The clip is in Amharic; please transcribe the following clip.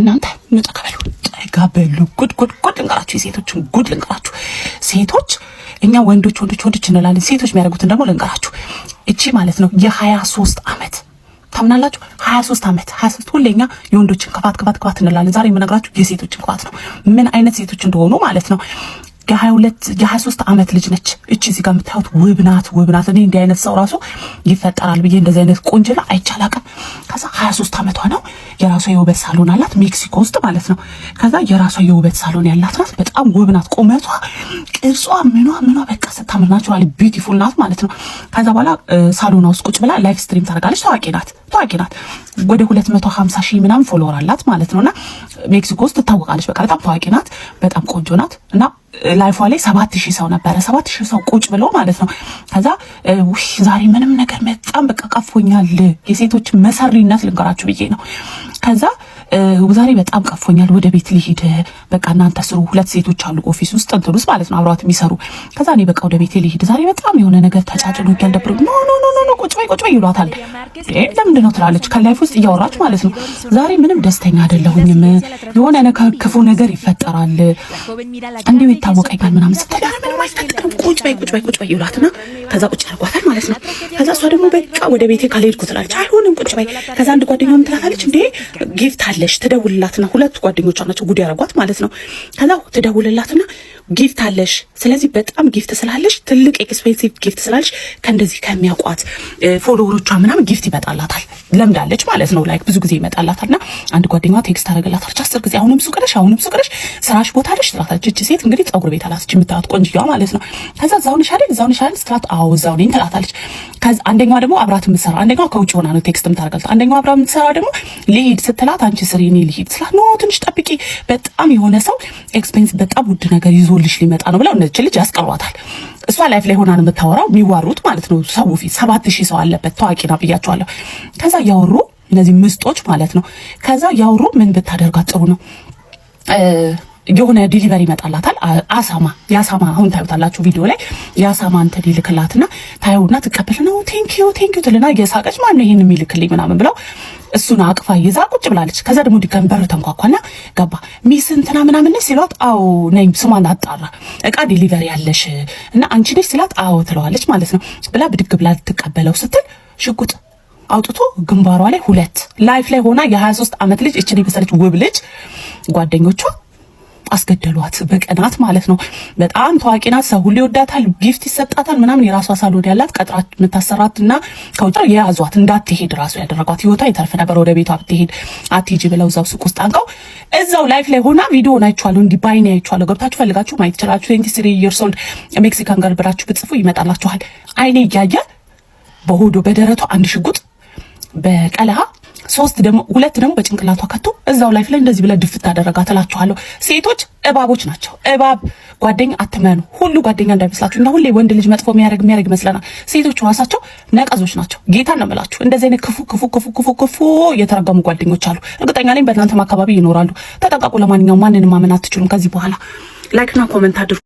እናንተ ኑ ጠጋ በሉ፣ ጠጋ በሉ። ጉድ ጉድ ጉድ ልንገራችሁ፣ የሴቶችን ጉድ ልንገራችሁ። ሴቶች እኛ ወንዶች ወንዶች ወንዶች እንላለን፣ ሴቶች የሚያደርጉትን ደግሞ ልንገራችሁ። እቺ ማለት ነው የሀያ ሶስት አመት ታምናላችሁ? ሀያ ሶስት አመት ሀያ ሶስት ሁሌ እኛ የወንዶችን ክፋት ክፋት ክፋት እንላለን። ዛሬ የምነግራችሁ የሴቶችን ክፋት ነው፣ ምን አይነት ሴቶች እንደሆኑ ማለት ነው። የ22 የ ዓመት ልጅ ነች። እቺ እዚህ ጋር የምታዩት ውብ ናት፣ ናት። እኔ እንዲህ አይነት ሰው ራሱ ይፈጠራል ብዬ እንደዚህ አይነት ቆንጅላ አይቻላቅም። ከዛ ሶስት ዓመቷ ነው። የራሷ የውበት ሳሎን አላት፣ ሜክሲኮ ውስጥ ማለት ነው። ከዛ የራሷ የውበት ሳሎን ያላት ናት። በጣም ውብ ናት። ቁመቷ፣ ቅርጿ፣ ምኗ ምኗ በቃ ስታምር ናቹራል ቢዩቲፉል ናት ማለት ነው። ከዛ በኋላ ሳሎኗ ውስጥ ቁጭ ብላ ላይፍ ስትሪም ታደርጋለች። ታዋቂ ናት፣ ታዋቂ ናት። ወደ ሀምሳ ሺህ ምናምን ፎሎወር አላት ማለት ነውና ሜክሲኮ ውስጥ ትታወቃለች። በቃ በጣም ታዋቂ ናት፣ በጣም ቆንጆ ናት እና ላይፏ ላይ ሰባት ሺህ ሰው ነበረ። ሰባት ሺህ ሰው ቁጭ ብሎ ማለት ነው። ከዛ ውይ ዛሬ ምንም ነገር በጣም በቃ ቀፎኛል። የሴቶች መሰሪነት ልንገራችሁ ብዬ ነው ከዛ ዛሬ በጣም ቀፎኛል፣ ወደ ቤት ሊሄድ በቃ እናንተ ስሩ። ሁለት ሴቶች አሉ ኦፊስ ውስጥ እንትን ውስጥ ማለት ነው አብረዋት የሚሰሩ። ከዛ እኔ በቃ ወደ ቤት ሊሄድ ዛሬ በጣም የሆነ ነገር ተጫጭኖ ያልደብር ኖ ኖ ኖ ኖ ቁጭ በይ ቁጭ በይ ይሏታል። ለምንድን ነው ትላለች፣ ከላይፍ ውስጥ እያወራች ማለት ነው። ዛሬ ምንም ደስተኛ አይደለሁኝም፣ የሆነ ክፉ ነገር ይፈጠራል፣ እንዲሁ ይታወቀኛል ምናምን ስትል ምንም አይፈጠርም በይ ቁጭ በይ ቁጭ በይ ይሏትና ከዛ ቁጭ ያደርጓታል ማለት ነው። ከዛ እሷ ደግሞ በቃ ወደ ቤቴ ካልሄድኩ ትላለች። አይሆንም ቁጭ በይ። ከዛ አንድ ጓደኛውም ትላታለች እንዴ ጊፍት አለሽ ትደውልላትና፣ ሁለት ጓደኞቿ ናቸው ጉድ ያደርጓት ማለት ነው። ከዛ ትደውልላትና ጊፍት አለሽ። ስለዚህ በጣም ጊፍት ስላለሽ ትልቅ ኤክስፔንሲቭ ጊፍት ስላለሽ ከእንደዚህ ከሚያውቋት ፎሎወሮቿ ምናምን ጊፍት ይመጣላታል። ለምዳለች ማለት ነው። ላይክ ብዙ ጊዜ ይመጣላታል። እና አንድ ጓደኛ ቴክስት አደረገላታለች አስር ጊዜ አሁንም ሱቅ ነሽ፣ አሁንም ሱቅ ነሽ፣ ስራሽ ቦታ ለሽ ትላታለች። እች ሴት እንግዲህ ጸጉር ቤት አላስች የምታዩት ቆንጅያ ማለት ነው። ከዛ እዛው ነሽ አይደል እዛው ነሽ አይደል ስትላት አዎ እዛው ነኝ ትላታለች። ከዛ አንደኛዋ ደግሞ አብራት የምትሰራ አንደኛዋ ከውጭ ሆና ነው ቴክስት የምታደርጋት። አንደኛዋ አብራት የምትሰራ ደግሞ ልሂድ ስትላት አንቺ ስሪ እኔ ልሂድ ስላት ኖ ትንሽ ጠብቂ በጣም የሆነ ሰው ኤክስፔንስ በጣም ውድ ነገር ይዞልሽ ሊመጣ ነው ብለው እነች ልጅ ያስቀሯታል። እሷ ላይፍ ላይ ሆናን የምታወራው የሚዋሩት ማለት ነው ሰው ፊት ሰባት ሺህ ሰው አለበት ታዋቂ ና ብያቸዋለሁ። ከዛ እያወሩ እነዚህ ምስጦች ማለት ነው። ከዛ እያወሩ ምን ብታደርጋት ጥሩ ነው የሆነ ዲሊቨሪ ይመጣላታል። አሳማ የአሳማ አሁን ታዩታላችሁ ቪዲዮ ላይ የአሳማ እንትን ይልክላትና ታየውና ትቀበል ነው ቴንኪዩ ቴንኪዩ ትልና እየሳቀች ማነው ይህን የሚልክልኝ ምናምን ብለው እሱን አቅፋ ይዛ ቁጭ ብላለች። ከዛ ደግሞ ድጋሚ በሩ ተንኳኳና ገባ። ሚስ እንትና ምናምን ሲሏት አዎ ነኝ፣ ስሟን አጣራ እቃ ዲሊቨሪ ያለሽ እና አንቺ ነሽ ሲላት አዎ ትለዋለች ማለት ነው ብላ ብድግ ብላ ልትቀበለው ስትል ሽጉጥ አውጥቶ ግንባሯ ላይ ሁለት ላይፍ ላይ ሆና የ23 ዓመት ልጅ እችን የመሰለች ውብ ልጅ ጓደኞቿ አስገደሏት በቀናት ማለት ነው። በጣም ታዋቂ ናት፣ ሰው ሁሉ ይወዳታል፣ ጊፍት ይሰጣታል ምናምን። የራሷ ሳሎን ያላት ቀጥራት የምታሰራት እና ከውጭ የያዟት እንዳትሄድ ራሱ ያደረጓት። ህይወቷ ይተርፍ ነበር ወደ ቤቷ ብትሄድ፣ አትሂጂ ብለው እዛው ሱቅ ውስጥ አንቀው እዛው ላይፍ ላይ ሆና ቪዲዮ አይቼዋለሁ። እንዲህ ባይኔ አይቼዋለሁ። ገብታችሁ ፈልጋችሁ ማየት ይችላችሁ። ትዌንቲ ስሪ ይርስ ኦልድ ሜክሲካን ጋር ብራችሁ ብጽፉ ይመጣላችኋል። አይኔ እያየ በሆዶ በደረቷ አንድ ሽጉጥ በቀለሃ ሶስት ደግሞ ሁለት ደግሞ በጭንቅላቷ ከቶ እዛው ላይፍ ላይ እንደዚህ ብለ ድፍት ታደረጋት እላችኋለሁ። ሴቶች እባቦች ናቸው። እባብ ጓደኛ አትመኑ። ሁሉ ጓደኛ እንዳይመስላችሁ እና ሁሌ ወንድ ልጅ መጥፎ የሚያደርግ የሚያደርግ ይመስለናል። ሴቶች ራሳቸው ነቀዞች ናቸው። ጌታ ነው የምላችሁ። እንደዚህ አይነት ክፉ ክፉ ክፉ ክፉ ክፉ የተረገሙ ጓደኞች አሉ። እርግጠኛ ነኝ በእናንተም አካባቢ ይኖራሉ። ተጠንቀቁ። ለማንኛውም ማንንም ማመን አትችሉም ከዚህ በኋላ ላይክና ኮመንት አድርጉ።